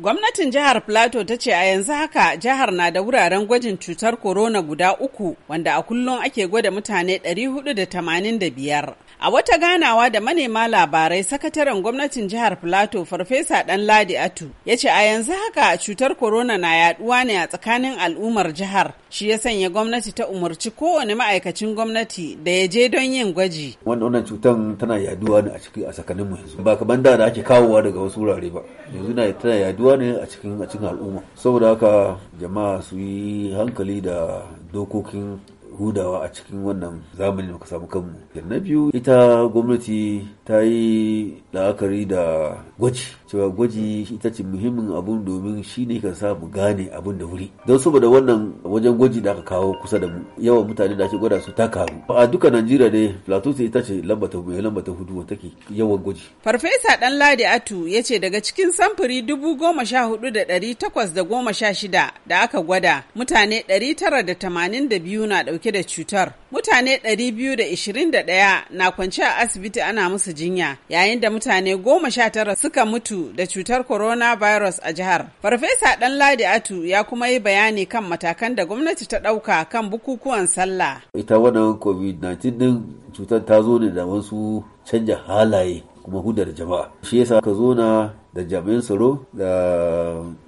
Gwamnatin jihar Plateau ta ce a yanzu haka jihar na da wuraren gwajin cutar corona guda uku wanda a kullum ake gwada mutane 485. A wata ganawa da manema labarai sakataren gwamnatin jihar Plateau Farfesa Danladi Atu ya ce a yanzu haka cutar corona na yaduwa ne a tsakanin al'ummar jihar shi ya sanya gwamnati ta umarci kowane ma'aikacin gwamnati da ya je don yin gwaji. Wannan cutan tana yaduwa ne a cikin a tsakanin mu yanzu. Ba kaman da da ake kawowa daga wasu wurare ba. Yanzu na tana yaduwa ne a cikin a cikin al'umma. Saboda haka jama'a su yi hankali da dokokin hudawa a cikin wannan zamani da muka samu kanmu na biyu ita gwamnati ta yi la'akari da gwaji cewa gwaji ita ce muhimmin abun domin shi ne kan sa mu gane abun da wuri don saboda wannan wajen gwaji da aka kawo kusa da mu yawan mutane da ake gwada su ta karu a duka najeriya ne plateau ita ce lamba ta mai lamba ta hudu wata ke yawan gwaji farfesa dan ladi atu ya ce daga cikin samfuri dubu goma sha hudu da ɗari takwas da goma sha shida da aka gwada mutane ɗari tara da tamanin da biyu na ɗauki dauke da cutar. Mutane 221 na kwance a asibiti ana musu jinya, yayin da mutane 19 suka mutu da cutar coronavirus a jihar. Farfesa ɗan Ladi Atu ya kuma yi bayani kan matakan da gwamnati ta ɗauka kan bukukuwan sallah. Ita wannan COVID-19 ɗin cutar ta zo ne da wasu canja halaye kuma hudar jama'a shi yasa ka zo na da jami'an tsaro da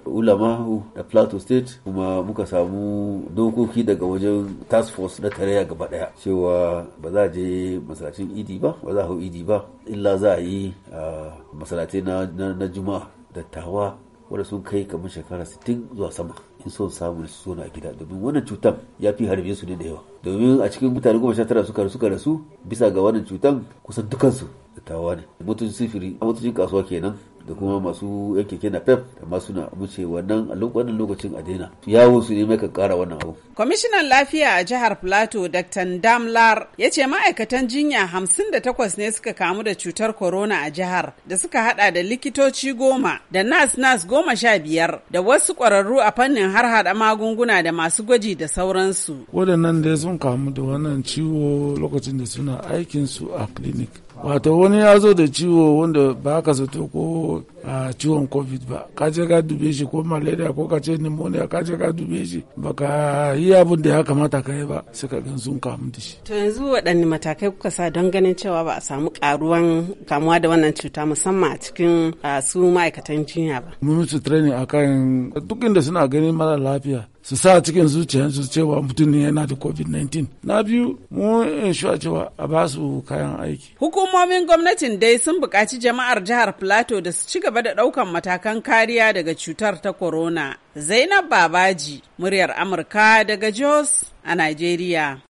ulama da plateau state kuma muka samu dokoki daga wajen task force na tarayya gaba daya cewa ba za a je masalacin idi ba ba za a hau idi ba illa za a yi masalace na juma'a dattawa wanda sun kai kamar shekara sittin zuwa sama in son samu su zo a gida domin wannan cutan ya fi harbe su ne da yawa domin a cikin mutane goma sha tara suka rasu suka rasu bisa ga wannan cutan kusan dukansu dattawa ne mutun sifiri mutun kasuwa kenan da kuma masu yanke kena pep da masu na wuce wannan a wannan lokacin a daina yawon su ne mai ka kara wannan abu. kwamishinan lafiya a jihar plateau dr damlar ya ce ma'aikatan jinya hamsin da takwas ne suka kamu da cutar corona a jihar da suka hada da likitoci goma da nas nas goma sha biyar da wasu kwararru a fannin har hada magunguna da masu gwaji da sauransu. waɗannan dai sun kamu da wannan ciwo lokacin da suna aikin su a clinic wato wani ya zo da ciwo wanda ba ka zato ko ciwon covid ba ka je ka dube shi ko malaria ko ka ce pneumonia ka je ka dube shi ba ka yi abin da ya kamata ka yi ba sai ka gan sun kamu da shi. to yanzu waɗanne matakai kuka sa don ganin cewa ba a samu karuwan kamuwa da wannan cuta musamman a cikin su ma'aikatan jinya ba. mun musu training akan duk inda suna ganin mara lafiya su sa cikin zuciyarsu cewa mutum ne yana da covid-19 na biyu mu inshuwa cewa a ba su kayan aiki hukumomin gwamnatin dai sun buƙaci jama'ar jihar plateau da su ci gaba da ɗaukan matakan kariya daga cutar ta corona zainab babaji muryar amurka daga jos a nigeria